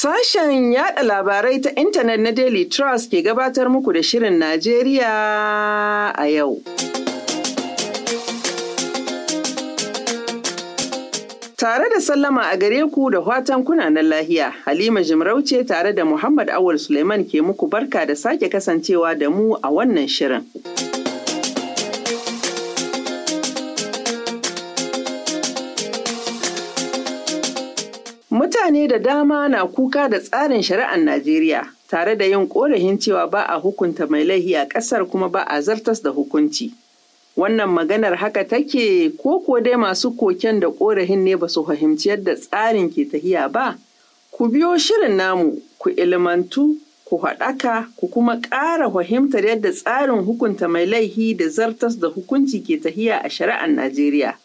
Sashen yada labarai ta intanet na Daily Trust ke gabatar muku da Shirin Najeriya a yau. Tare da sallama a gare ku da watan na lahiya, Halima Jimarauce tare da Muhammad Awul Suleiman ke muku barka da sake kasancewa da mu a wannan shirin. Mutane da dama na kuka da tsarin shari'ar Najeriya tare da yin korahin cewa ba a hukunta mai laihi a ƙasar kuma ba a zartas da hukunci. Wannan maganar haka take ko ko dai masu koken da korahin ne ba su fahimci yadda tsarin ke tahiya ba. Ku biyo shirin namu, ku ilmantu, ku haɗaka, ku kuma ƙara fahimtar yadda tsarin hukunta mai laihi da zartas da hukunci ke tahiya a shari'ar Najeriya.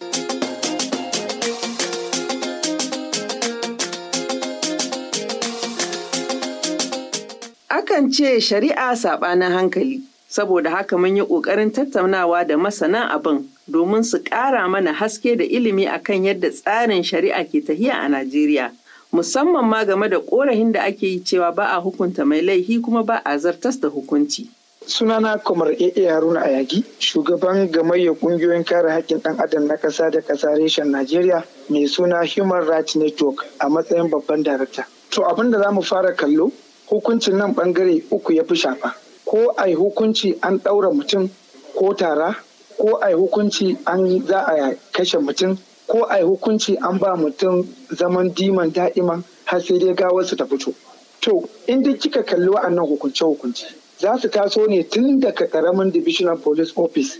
Sukan ce shari'a saɓanin hankali, saboda haka mun yi ƙoƙarin tattaunawa da masana abin domin su ƙara mana haske da ilimi akan yadda tsarin shari'a ke tahiya a Najeriya. Musamman ma game da ƙorafin da ake yi cewa ba a hukunta mai laifi kuma ba a zartas da hukunci. sunana kamar AA Haruna Ayagi, shugaban gamayyar ƙungiyoyin kare haƙƙin ɗan adam na ƙasa da ƙasa reshen Najeriya mai suna Human Rights Network a matsayin babban darakta. To abin da za mu fara kallo hukuncin nan bangare uku ya fi shafa ko a hukunci an ɗaura mutum ko tara ko a hukunci an za a kashe mutum ko a hukunci an ba mutum zaman diman da'iman har sai dai su ta fito to in duk kika kalli wa'annan hukunce hukunce za su taso ne tun daga karamin divisional police office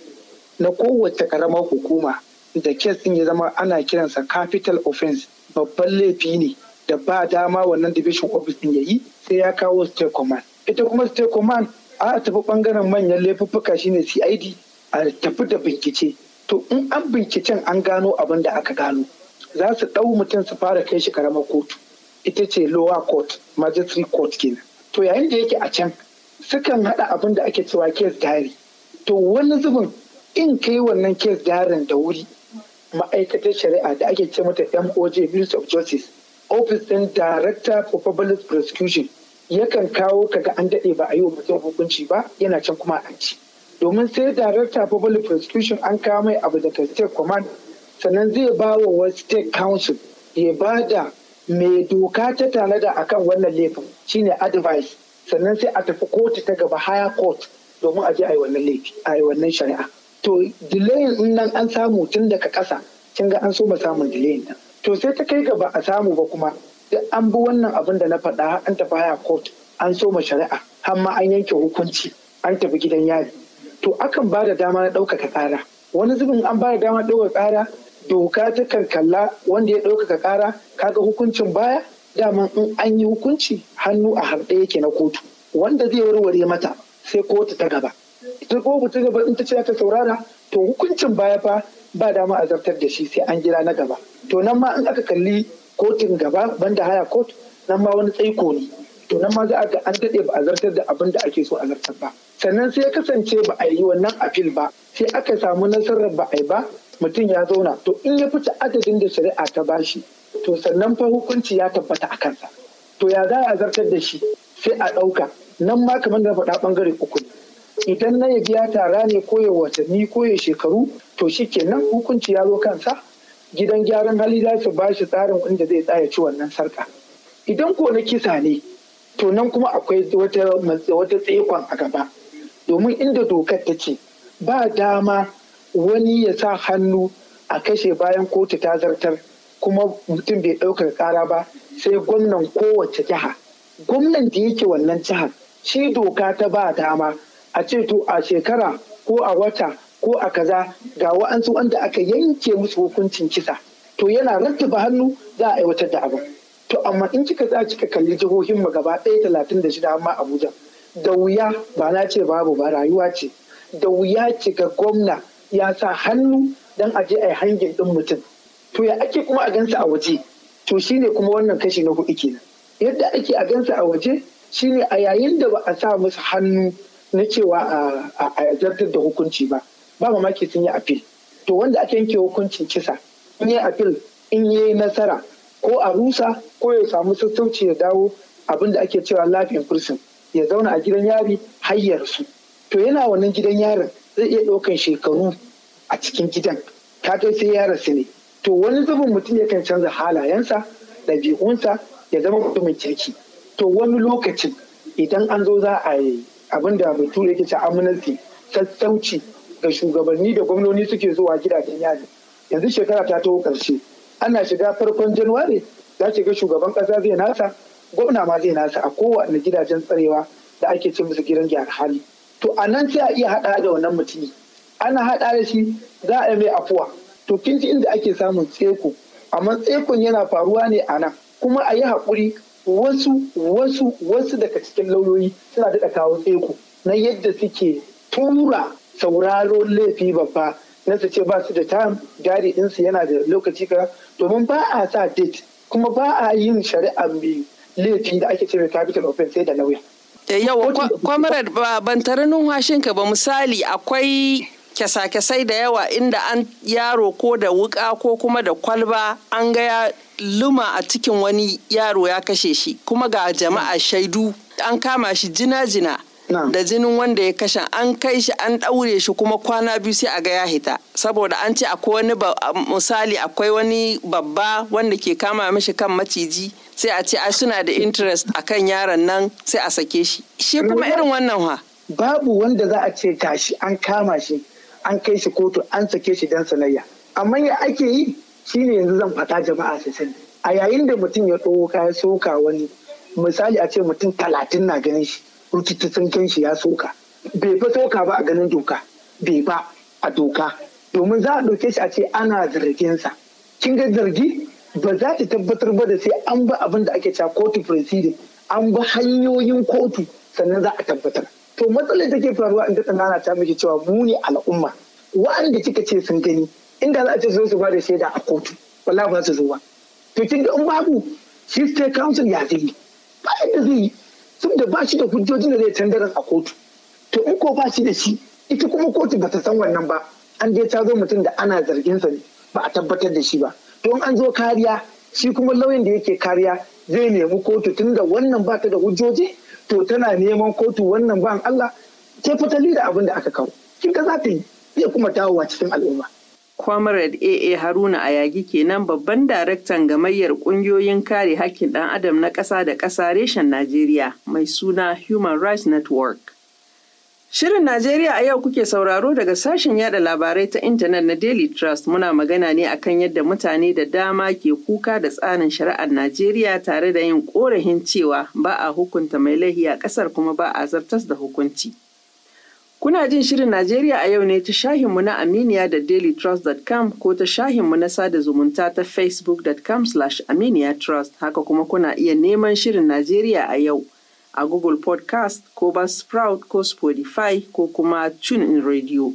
na kowace karamar hukuma da kes ɗin ya zama ana kiransa capital offense babban laifi ne da ba dama wannan division office din yi, sai ya kawo state command ita kuma state command a tafi bangaren manyan laifuffuka shine CID a tafi da bincike to in an binciken an gano abin da aka gano za su ɗau mutum su fara kai shi karamar kotu ita ce lower court magistrate court kenan to yayin da yake a can sukan haɗa abin da ake cewa case diary to wani zubin in kai wannan case diary da wuri ma'aikatar shari'a da ake ce mata MOJ Ministry of Justice ofis ɗin director for public prosecution yakan kawo kaga an daɗe ba a yi wa mutum hukunci ba yana can kuma an ci domin sai director for public prosecution an kawo mai abu daga state command sannan zai ba wa wasu state council ya ba da mai doka ta tanada akan wannan laifin shine advice sannan sai a tafi kotu ta gaba higher court domin a je a yi wannan laifi a yi wannan shari'a to delayin nan an samu tun daga ƙasa kin ga an so ba samun delayin nan to sai ta kai ga ba a samu ba kuma duk an bi wannan abin da na faɗa an tafi haya court an so ma shari'a har ma an yanke hukunci an tafi gidan yari to akan ba da dama na ɗaukaka ƙara wani zubin an ba da dama ɗaukaka ƙara doka ta kan kalla wanda ya ɗaukaka ƙara kaga hukuncin baya daman in an yi hukunci hannu a harɗe yake na kotu wanda zai warware mata sai kotu ta gaba ita ko ta gaba in ta ce ta saurara to hukuncin baya fa ba dama a zartar da shi sai an jira na gaba to nan ma in aka kalli kotun gaba banda haya kot nan ma wani tsaiko ne to nan ma za a ga an daɗe ba a zartar da abin da ake so a zartar ba sannan sai ya kasance ba a yi wannan afil ba sai aka samu nasarar ba a yi ba mutum ya zauna to in ya fita adadin da shari'a ta bashi to sannan fa hukunci ya tabbata a kansa to ya za a zartar da shi sai a ɗauka nan ma kamar da faɗa ɓangare uku ne idan na yaji ya tara ne ko ya watanni ko ya shekaru to shi kenan hukunci ya zo kansa gidan gyaran hali za su ba shi tsarin inda zai tsaya ci wannan sarka idan ko na kisa ne to nan kuma akwai wata wata tsekon a gaba domin inda dokar ta ce ba dama wani ya sa hannu a kashe bayan kotu ta zartar kuma mutum bai ɗaukar ƙara ba sai gwamnan kowace jiha gwamnan da yake wannan jihar shi doka ta ba dama a ce to a shekara ko a wata ko a kaza ga wa'ansu wanda aka yanke musu hukuncin kisa to yana rattaba hannu za a aiwatar da abin to amma in kika za kika kalli jihohin mu gaba ɗaya talatin da shida amma abuja da wuya ba na ce babu ba rayuwa ce da wuya ce ga gwamna ya sa hannu dan a je a yi hangin ɗin mutum to ya ake kuma a gansa a waje to shine kuma wannan kashi na hudu kenan yadda ake a gansa a waje shine a yayin da ba a sa musu hannu na cewa a zartar da hukunci ba ba mamaki sun yi apil to wanda ake yanke hukuncin kisa in yi apil in yi nasara ko a rusa ko ya samu sassauci ya dawo abin da ake cewa lafiyar prison ya zauna a gidan yari hayyarsu to yana wannan gidan yarin zai iya ɗaukan shekaru a cikin gidan ta kai sai ya rasu ne to wani zubin mutum yakan canza halayensa ɗabi'unsa ya zama mutumin kirki to wani lokacin idan an zo za a yi abin da bature yake ce amnesty sassauci ga shugabanni da gwamnoni suke zuwa gidajen yari yanzu shekara ta taho karshe ana shiga farkon januwari za ki ga shugaban kasa zai nasa gwamna ma zai nasa a kowane gidajen tsarewa da ake ce musu gidan gyar hali to a nan sai a iya haɗa da wannan mutumi ana haɗa da shi za a yi mai afuwa to kin ji inda ake samun tseko amma tsekon yana faruwa ne a nan kuma a yi haƙuri wasu wasu wasu daga cikin lauyoyi suna daɗa kawo tseko na yadda suke tura sauraro laifi babba na su ce ba su da time dari ɗinsu yana da lokaci ka domin ba a sa date kuma ba a yin shari'a mai laifi da ake mai capital offense sai da lauya. Eh, yawa kwamarar ba ban tare ka ba misali akwai kyasa-kyasai da yawa inda an yaro ko da wuka ko kuma da kwalba an ga luma a cikin wani yaro ya kashe shi kuma ga jama'a shaidu an kama shi jina-jina da jinin wanda ya kashe an kai shi an ɗaure shi kuma kwana biyu sai a ga ya hita saboda an ce akwai wani misali akwai wani babba wanda ke kama mishi kan maciji sai a ce ai suna da interest a kan yaron nan sai a sake shi shi kuma irin wannan ha babu wanda za a ce tashi an kama shi an kai shi kotu an sake shi dan sanayya amma ya ake yi Shi ne yanzu zan fata jama'a su sani a yayin da mutum ya ɗauka ya soka wani misali a ce mutum talatin na ganin shi rikici sun shi ya soka bai fa soka ba a ganin doka bai ba a doka domin za a ɗauke shi a ce ana zarginsa kin ga zargi ba za ta tabbatar ba da sai an ba abin da ake cewa kotu proceeding an ba hanyoyin kotu sannan za a tabbatar to matsalar take faruwa in ta tsanana ta miki cewa mu ne al'umma wa'anda kika ce sun gani inda za a ce zo su ba da shaida a kotu wallahi ba su zo ba to kin ga in babu shi state council ya zai ba inda zai yi saboda ba shi da hujjoji da zai tandaran a kotu to in ko ba shi da shi ita kuma kotu ba ta san wannan ba an je ta zo mutum da ana zargin sa ne ba a tabbatar da shi ba to in an zo kariya shi kuma lauyan da yake kariya zai nemi kotu tunda wannan ba ta da hujjoji to tana neman kotu wannan ban Allah ke fatali da abin da aka kawo kin ka za ta yi zai kuma dawowa cikin al'umma Comrade AA Haruna Ayagi kenan babban daraktan gamayyar ƙungiyoyin kare haƙƙin ɗan adam na ƙasa da ƙasa reshen Najeriya mai suna Human Rights Network. Shirin Najeriya a yau kuke sauraro daga sashen yaɗa labarai ta intanet na Daily Trust muna magana ne akan yadda mutane da dama ke kuka da tsarin shari'ar Najeriya tare da yin ƙorafin cewa ba a hukunta mai laihi a ƙasar kuma ba a zartas da hukunci. Kuna jin Shirin Najeriya a yau ne ta shahin mu na Aminiya da dailytrust.com ko ta shahinmu na sada zumunta ta facebookcom aminiyatrust haka kuma kuna iya neman Shirin Najeriya a yau a Google Podcast ko Buzzsprout ko Spotify ko kuma TuneIn Radio.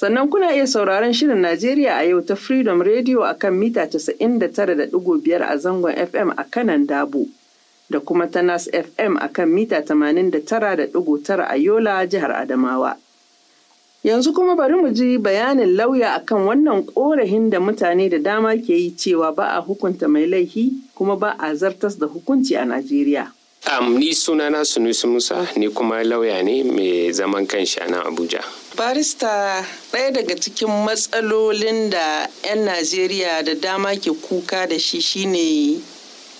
Sannan kuna iya sauraron Shirin Najeriya a yau ta Freedom Radio a kan mita 99.5 a zangon FM a kanan Dabo. da kuma ta Nas FM a kan mita 89.9 a Yola jihar Adamawa. Yanzu kuma bari mu ji bayanin lauya akan wannan korahin da mutane da dama ke yi cewa ba a hukunta mai laifi kuma ba a zartas da hukunci a Najeriya. Um, ni sunana Sunusi Musa ni kuma lauya ne mai zaman kanshi a nan Abuja. Barista ɗaya daga cikin matsalolin da 'yan Najeriya da dama ke kuka da shi shine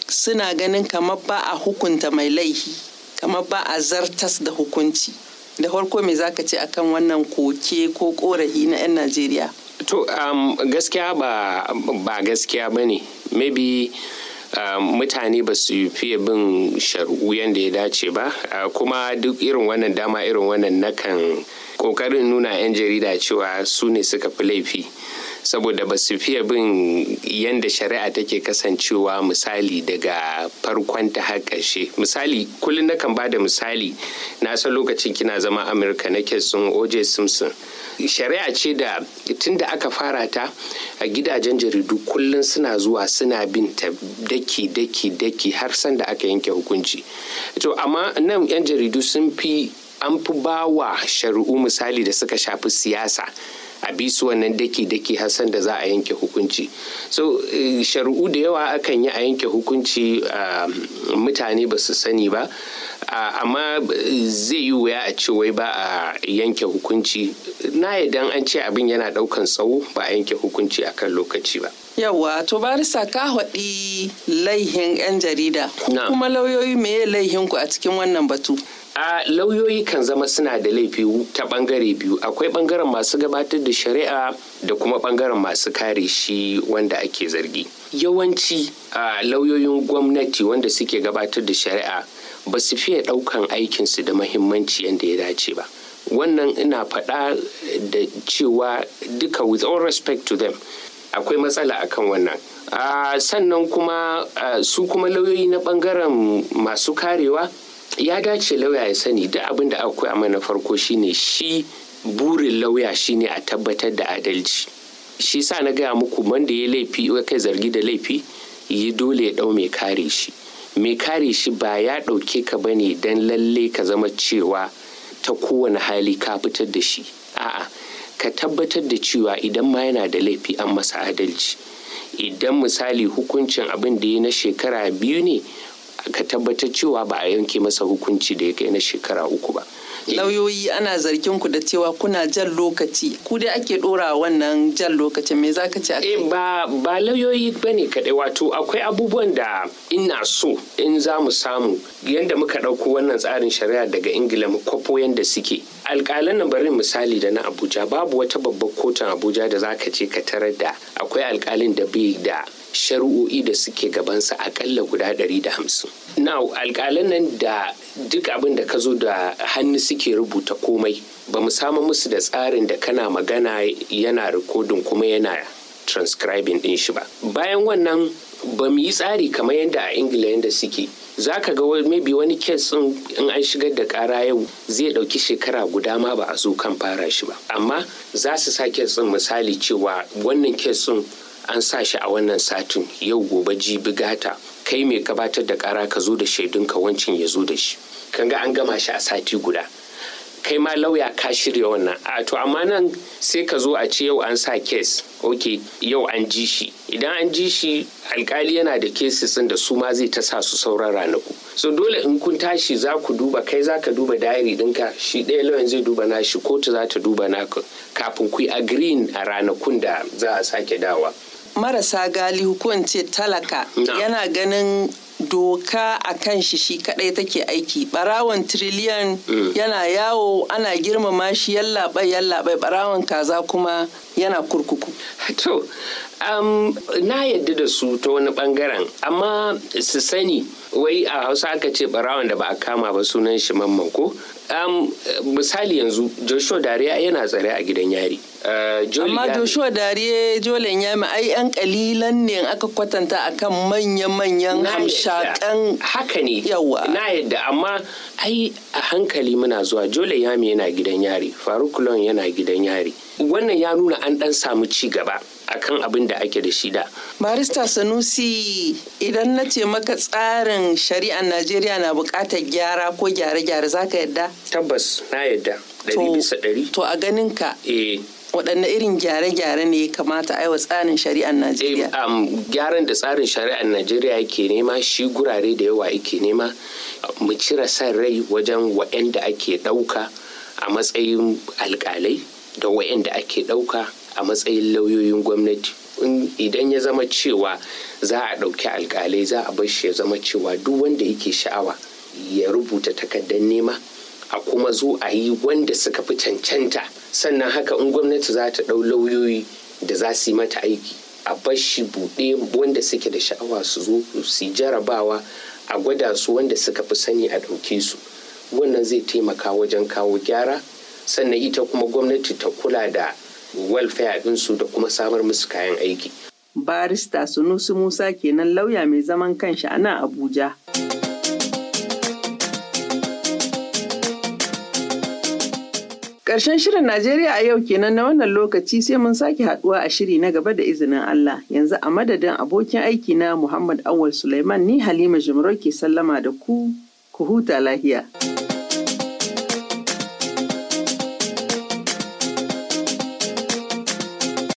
suna ganin kamar ba a hukunta mai laifi kamar ba a zartas da hukunci da farko me zaka ce akan wannan koke ko korafi na 'yan najeriya to um, gaskiya ba, ba gaskiya ba ne maybe um, mutane ba su fiye bin shari'u yadda ya dace ba uh, kuma duk irin wannan dama irin wannan nakan kokarin nuna 'yan jarida cewa su ne suka fi laifi saboda ba su fiye bin yadda shari'a take kasancewa misali daga farkon ta har ƙarshe misali kullum na kan ba da misali na san lokacin kina zama amurka na sun oj simpson shari'a ce da tun da aka fara ta a gidajen jaridu kullum suna zuwa suna bin ta daki daki daki har san da aka yanke hukunci to amma nan 'yan jaridu sun fi an fi ba wa shari'u misali da suka shafi siyasa a bi su wannan daki-daki Hassan da za a yanke hukunci so eh, shari'u da yawa akan yi a yanke hukunci ah, mutane ba su sani ba ah, amma eh, zai yi wuya a ce wai ba a yanke hukunci na idan an ce abin yana daukan tsawo ba a yanke hukunci a kan lokaci ba yawa to barisa ka haɗi laihin 'yan jarida kuma lauyoyi me laihin ku a cikin wannan batu a lauyoyi kan zama suna da laifi ta bangare biyu akwai bangaren masu gabatar da shari'a da kuma bangaren masu kare shi wanda ake zargi yawanci a lauyoyin gwamnati wanda suke gabatar da shari'a ba su fiye ɗaukan aikinsu da mahimmanci yadda ya dace ba wannan ina faɗa da cewa duka with all respect to them akwai matsala akan wannan sannan kuma su kuma lauyoyi na bangaren masu karewa ya dace lauya ya sani duk abin da akwai a mana farko shine shi burin lauya shine a tabbatar da adalci shi sa na gaya muku wanda ya laifi kai zargi da laifi yi dole ya dau mai kare shi mai kare shi ba ya ɗauke ka bane dan lalle ka zama cewa ta kowane hali ka fitar da shi a'a ka tabbatar da cewa idan ma yana da laifi an masa adalci idan misali hukuncin abin da ya na shekara biyu ne ka tabbatar cewa ba a yanke masa hukunci da ya kai na shekara uku ba. Eh. lauyoyi ana zargin ku da cewa kuna jan lokaci ku dai ake dora wannan jan lokacin me zaka ce eh ba ba lauyoyi bane kadai wato akwai abubuwan da ina so in za mu samu yadda muka dauko wannan tsarin shari'a daga ingila mu kwafo yanda suke alƙalan na bari misali da na abuja babu wata babbar kotun abuja da zaka je ka tarar da akwai alƙalin da bai da shari'o'i da suke gabansa akalla guda ɗari 150 now alƙalan nan da duk abin da ka zo da hannu suke rubuta komai ba mu samu musu da tsarin da kana magana yana rikodin kuma yana transcribing ɗin shi ba bayan wannan ba mu yi tsari kamar yadda a ingila yadda suke za ka ga maybe wani kes in an shigar da kara yau zai ɗauki shekara guda ma ba a zo kan fara shi ba amma za su sa kes misali cewa wannan kes an sa shi a wannan satin yau gobe jibi gata kai mai gabatar da kara ka zo da shaidunka wancin ya zo da shi kan ga an gama shi a sati guda kai ma lauya ka shirya wannan a to amma nan sai ka zo a ce yau an sa kes ok yau an ji shi idan an ji shi alkali yana da cases da su ma zai ta sa su sauran ranaku so dole in kun tashi za ku duba kai za ka duba diary dinka shi ɗaya lauyan zai duba na shi kotu za ta duba na kafin ku yi agreeing a ranakun da za a sake dawa marasa gali hukunci talaka yana ganin doka a kan shi shi kadai take aiki barawan triliyan mm. yana yawo ana girmama shi yallaɓai yallaɓai barawan kaza kuma yana kurkuku to um, na yadda da su ta wani bangaren amma su sani wai a hausa aka ce barawan da ba a kama ba sunan shi mamman ko misali yanzu joshua dariya yana tsare a gidan yari eh, amma joshua dariya jolen yami ai yan kalilan ne aka kwatanta akan manya-manyan hamshakan haka ne yawa na yadda amma ai a hankali muna zuwa jolen yami yana gidan yari farukulon yana gidan yari wannan ya nuna an dan samu ci gaba a kan abin da ake da shi da. Barista Sanusi idan na ce maka tsarin shari'ar Najeriya na buƙatar gyara ko gyare-gyare za ka yadda? Tabbas na yadda ɗari To a ganin ka? Eh. waɗanne irin gyare-gyare ne kamata aiwa tsarin shari'ar Najeriya? Eh, gyaran da tsarin shari'ar Najeriya yake nema shi gurare da yawa yake nema mu cire san rai wajen waɗanda ake ɗauka a matsayin alƙalai da waɗanda ake ɗauka a matsayin lauyoyin gwamnati idan ya zama cewa za a ɗauki alkalai za a bar shi ya zama cewa duk wanda yake sha'awa ya rubuta takardar nema a kuma zo a yi wanda suka fi cancanta sannan haka in gwamnati za ta ɗau lauyoyi da za su yi mata aiki a bar shi buɗe wanda suke da sha'awa su zo su jarabawa a gwada su wanda suka fi sani a ɗauke su wannan zai taimaka wajen kawo gyara sannan ita kuma gwamnati ta kula da welfare ɗinsu da kuma samar musu kayan aiki. Barista Sunusi Musa kenan lauya mai zaman kanshi a nan Abuja. Ƙarshen shirin Najeriya a yau kenan na wannan lokaci sai mun sake haduwa a shiri na gaba da izinin Allah. Yanzu a madadin abokin aiki na Muhammad Awal Sulaiman ni Halima Jumro ke sallama da ku, ku huta lahiya.